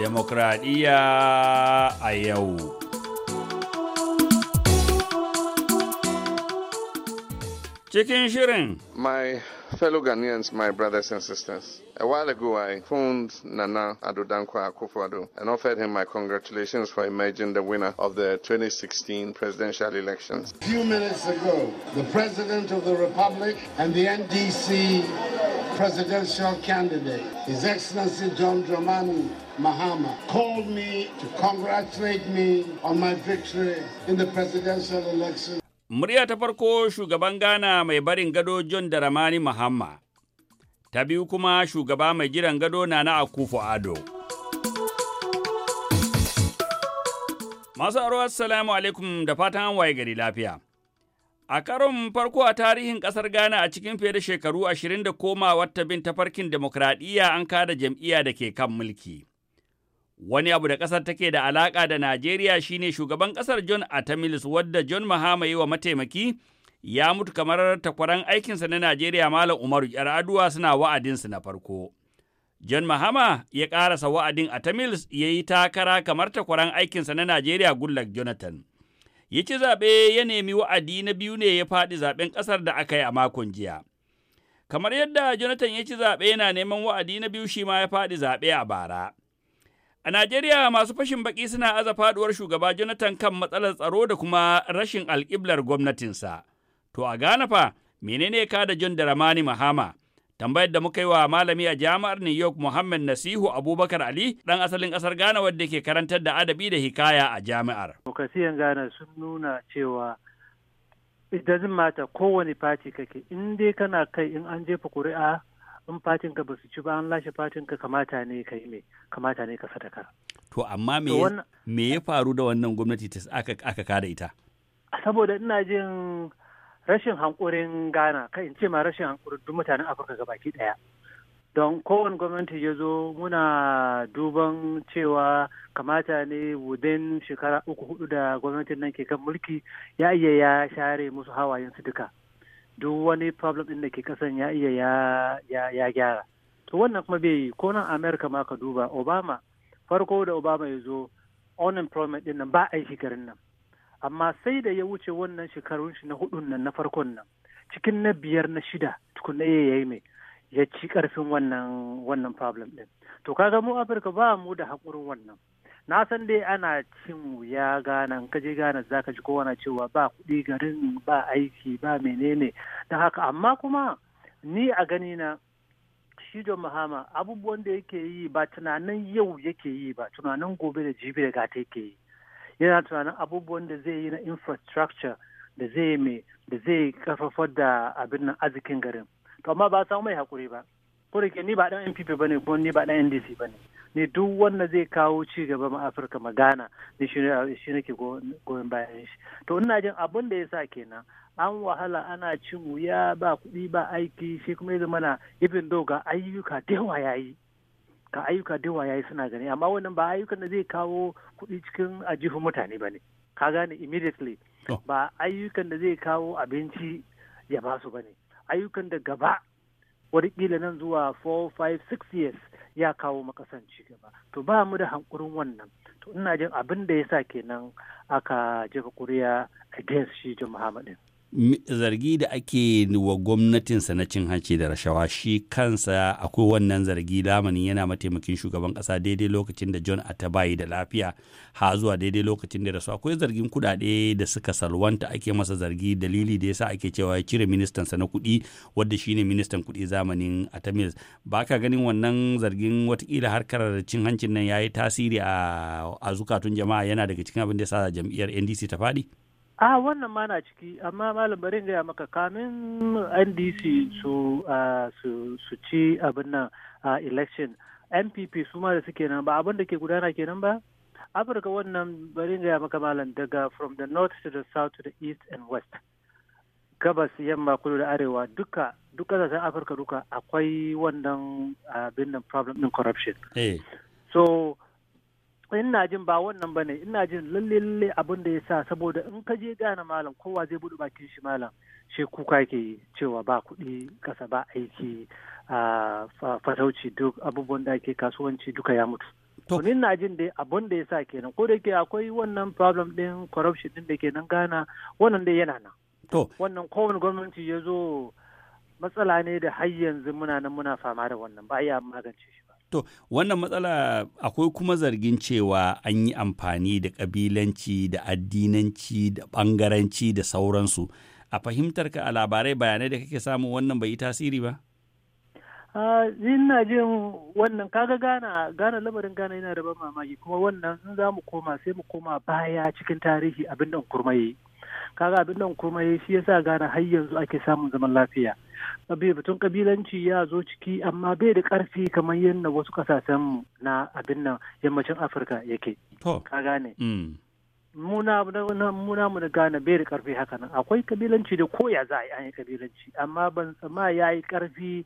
Demokradiyya a yau. shirin. My fellow Ghanaians, my brothers and sisters. A while ago, I phoned Nana Adodankwa Akufo-Addo and offered him my congratulations for emerging the winner of the 2016 presidential elections. A few minutes ago, the President of the Republic and the NDC presidential candidate, His Excellency John Dramani Mahama, called me to congratulate me on my victory in the presidential election. Murya ta farko shugaban Ghana mai barin gado John Dramani Mahama, ta biyu kuma shugaba mai jiran gado na na Akufo Ado. Masu aro assalamu alaikum da fatan waye gari lafiya. A karon farko a tarihin ƙasar Ghana a cikin fiye da shekaru ashirin da koma wata bin tafarkin demokradiyya an kada jam'iyya da ke kan mulki. Wani abu da ƙasar take da alaƙa da Najeriya shine shugaban ƙasar John Atamilis wadda John Mahama yi wa mataimaki ya mutu kamar takwaran aikinsa na Najeriya Malam Umaru Yar'adua suna wa'adinsu na farko. John Mahama ya ƙarasa wa'adin Atamilis ya yi takara kamar takwaran aikinsa na Najeriya Gullak Jonathan. ya ci zaɓe ya nemi wa'adi na biyu ne ya faɗi zaɓen ƙasar da aka yi a makon jiya. Kamar yadda Jonathan ya ci zaɓe yana neman wa'adi na biyu shi ma ya faɗi zaɓe a bara. A Najeriya masu fashin baƙi suna aza faɗuwar shugaba Jonathan kan matsalar tsaro da kuma rashin alƙiblar gwamnatinsa. To a Ghana fa menene ka da John Dramani Mahama Tambayar da muka yi wa malami a jami'ar New York Muhammad Nasihu Abubakar Ali dan asalin kasar Ghana wadda ke karantar da adabi da hikaya a jami'ar. Demokrasiyyar Ghana sun nuna cewa it doesn't matter kowane fati kake in dai kana kai in an jefa kuri'a in fatin ka basu ci ba an lashe fatin ka kamata ne ka me kamata ne ka sadaka. To amma me ya faru da wannan gwamnati ta aka aka kada ita? Saboda ina jin rashin hankurin ghana kai in ce ma rashin hankurin duk mutanen afirka gabaki daya don kowane gwamnati ya zo muna duban cewa kamata ne within shekara uku hudu da gwamnatin nan ke kan mulki ya iya ya share musu hawayen su duka duk wani problem din da ke kasan ya iya ya gyara to wannan kuma bai yi ko nan america ma ka duba obama farko da obama ya zo unemployment din nan ba a yi shekarun nan amma sai da ya wuce wannan shekarun shi na hudun nan na farkon nan cikin na biyar na shida tukuna ya yi mai ya ci karfin wannan wannan problem din to kaga mu afirka ba mu da haƙurin wannan na san dai ana cin wuya gana ka je gana za ka ji kowa cewa ba kuɗi garin ba aiki ba menene da haka amma kuma ni a gani na shido mahama abubuwan da yake yi ba tunanin yau yake yi ba tunanin gobe da jibi da gata yake yi yana tunanin abubuwan da zai yi na infrastructure da zai mai da zai karfafar da abin nan arzikin garin to amma ba samu mai hakuri ba ko da ni ba dan NPP bane ko ni ba dan NDC bane ne duk wanda zai kawo ci gaba ma Afirka ma Ghana ne shi nake goyon bayan shi to ina jin abin da yasa kenan an wahala ana cin wuya ba kuɗi ba aiki shi kuma ya zama na ibin doga ayyuka da yawa yayi ka ayyuka da yawa yayi suna gani amma wannan ba ayyukan da zai kawo kuɗi cikin ajihun mutane ba ne ka gane immediately ba ayyukan da zai kawo abinci ya ba su ba ne ayyukan da gaba watakila nan zuwa 4 5 6 years ya kawo makasan gaba to ba mu da hankurin wannan to ina jin abin da ya sa kenan aka jefa kuriya against shi jin muhammadin zargi da ake wa gwamnatinsa na cin hanci da rashawa shi kansa akwai wannan zargi lamanin yana mataimakin shugaban kasa daidai lokacin da john a bayi da lafiya ha zuwa daidai lokacin da rasu akwai zargin kudade da suka salwanta ake masa zargi dalili da yasa ake cewa ya cire sa na kudi wadda shine ministan kudi zamanin atamils ba ka ganin wannan zargin watakila harkar cin hancin nan yayi tasiri a zukatun jama'a yana daga cikin abin da ya jam'iyyar ndc ta faɗi a wannan ma na ciki amma malam barin gaya maka kamin ndc su su ci abin nan election npp su ma da suke nan ba abin da ke gudana kenan ba afirka wannan barin gaya maka malam daga from the north to the south to the east and west gabas yamma kudu da arewa duka da san afirka duka akwai wannan abin nan problem din corruption eh. so ina jin ba wannan ba bane ina jin lalle lalle abin da ya sa saboda in ka je gane malam kowa zai buɗe bakin shi malam shi kuka ke cewa ba kuɗi kasa ba aiki a fatauci duk abubuwan da ake kasuwanci duka ya mutu to ni na jin dai abin da ya sa kenan ko da ke akwai wannan problem din corruption din da ke nan gana wannan dai yana nan to wannan kowane gwamnati ya zo matsala ne da har yanzu muna nan muna fama da wannan ba iya magance shi To, wannan matsala akwai kuma zargin cewa an yi amfani da kabilanci da addinanci da ɓangaranci da sauransu. A fahimtar ka a labarai bayanai da kake samu wannan bai yi tasiri ba? ina jin wannan kaga gana gana lamarin gana yana da ban mamaki kuma wannan in za mu koma sai mu koma baya cikin tarihi abin da kurma kaga abin nan kuma shi yasa gane har yanzu ake samun zaman lafiya bai batun kabilanci ya zo ciki amma bai da karfi kamar yadda wasu kasashen na abin nan yammacin afirka yake ka gane muna mm. mu da gane bai da karfi haka nan akwai kabilanci da koya za a yi an yi kabilanci amma ban tsama ya yi karfi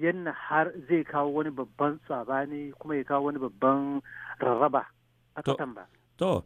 yadda har zai kawo wani babban tsabani kuma ya kawo wani babban rarraba a ba. To,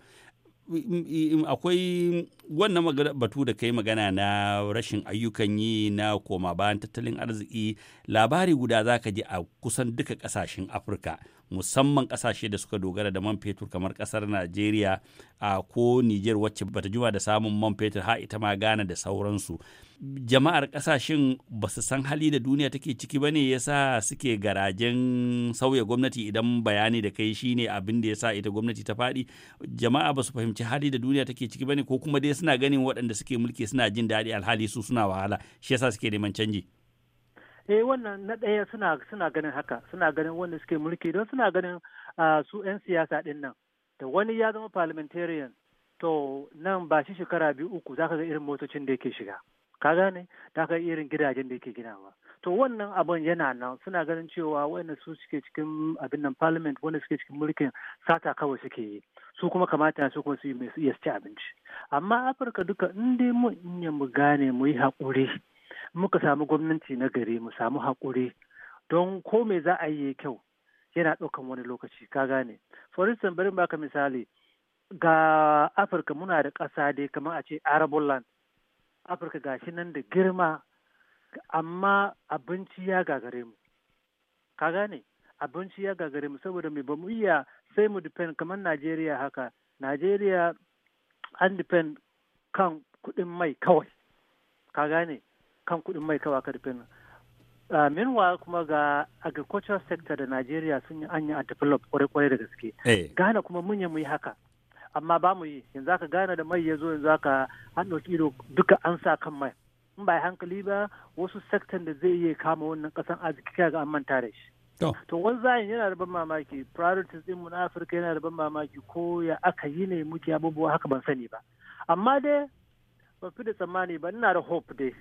akwai wannan batu da kai magana na rashin ayyukan yi na koma bayan tattalin arziki labari guda za ka ji a kusan duka kasashen afirka musamman kasashe da suka dogara da man fetur kamar kasar Najeriya a ko Nijar wacce bata juma da samun man fetur ha ita ma Ghana da sauransu. Jama'ar kasashen ba su san hali da duniya take ciki ba ne yasa suke garajen sauya gwamnati idan bayani da kai shine abin da yasa ita gwamnati ta faɗi. Jama'a ba su fahimci hali da duniya take ciki ba ne ko kuma dai suna ganin waɗanda suke mulki suna jin daɗi alhali su suna wahala shi yasa suke neman canji. eh wannan na ɗaya suna suna ganin haka suna ganin wanda suke mulki don suna ganin su 'yan siyasa ɗin nan da wani ya zama parliamentarian to nan ba shi shekara biyu uku zaka ga irin motocin da yake shiga ka gane ta kai irin gidajen da yake ginawa to wannan abin yana nan suna ganin cewa wanda su suke cikin abin nan parliament wanda suke cikin mulkin sata kawai suke yi su kuma kamata su kuma su yi mai su iya ci abinci amma afirka duka in dai mu mu gane mu yi haƙuri muka samu gwamnati na gari mu samu haƙuri don ko me za a yi kyau yana ɗaukan wani lokaci ka gane for instance bari baka misali ga afirka muna da ƙasa dai kamar a ce arable land afirka gashi nan da girma amma abinci ya gagare mu ka gane abinci ya gagare mu saboda mai ba mu iya sai mu depend kamar najeriya haka najeriya an depend kan kuɗin mai kawai ka gane kan kuɗin mai kawa karfin Uh, ah, meanwhile kuma ga agricultural sector da Najeriya sun yi anya a develop kwarai-kwarai da gaske. Hey. Eh. Ghana kuma mun yi mu yi haka. Amma ba mu yi yanzu aka Ghana da mai ya zo yanzu aka hannu ido duka an sa kan mai. In ba hankali ba wasu sektan da zai iya kama wannan kasan arziki ga an manta da shi. To wani zayin yana da ban mamaki priorities mu na Afirka yana da ban mamaki ko ya aka yi ne muke abubuwa haka ban sani ba. Amma dai ba fi da tsammani ba ina da hope dai.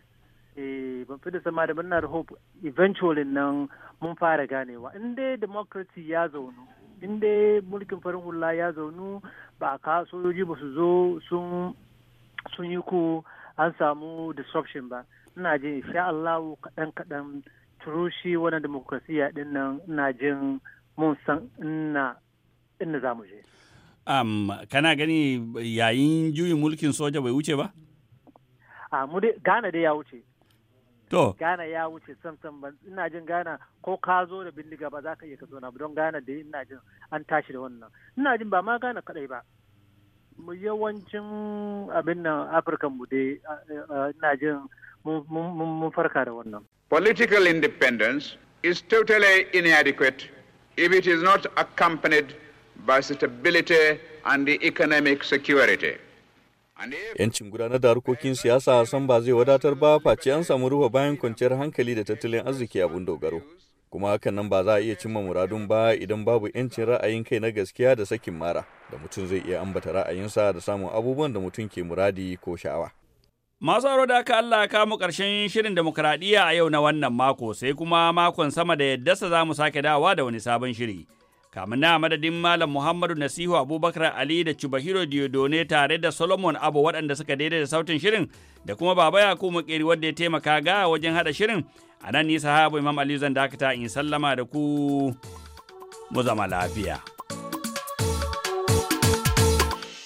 eh ban fi da sama da muna da hope eventually nan mun fara ganewa in dai democracy ya zaunu inda mulkin farin hula ya zaunu ba ka sojoji ba su zo sun yi ku an samu disruption ba ina jin sha Allah kaɗan kaɗan turushi wani demokrasiya din nan ina jin mun san ina ina za mu je um, kana gani yayin juyin mulkin soja bai wuce ba a mu dai Ghana dai ya wuce to ya wuce sam sam ban ina jin Gana ko ka zo da bindiga ba za ka iya ka zo na don Gana da ina jin an tashi da wannan ina jin ba ma Gana kadai ba mu yawancin abin nan Afirka mu dai ina jin mun farka da wannan political independence is totally inadequate if it is not accompanied by stability and economic security Yancin gudanar da harkokin siyasa san ba zai wadatar ba face an samu ruwa bayan kwanciyar hankali da tattalin arziki abun dogaro. Kuma hakan nan ba za a iya cimma muradun ba idan babu yancin ra'ayin kai na gaskiya da sakin mara da mutum zai iya ambata ra'ayinsa da samun abubuwan da mutum ke muradi ko sha'awa. Masu aro da aka Allah kamu ƙarshen shirin demokradiyya a yau na wannan mako sai kuma makon sama da sa za mu sake dawa da wani sabon shiri. Kamun na madadin Malam Muhammadu Nasihu Abubakar Ali da Chubahiro Diodone tare da Solomon Abu waɗanda suka da sautin shirin da kuma Baba Yakubu Makeri wanda ya taimaka ga wajen haɗa shirin. A nan nisa habu Imam Ali zan dakata in sallama da ku mu zama lafiya.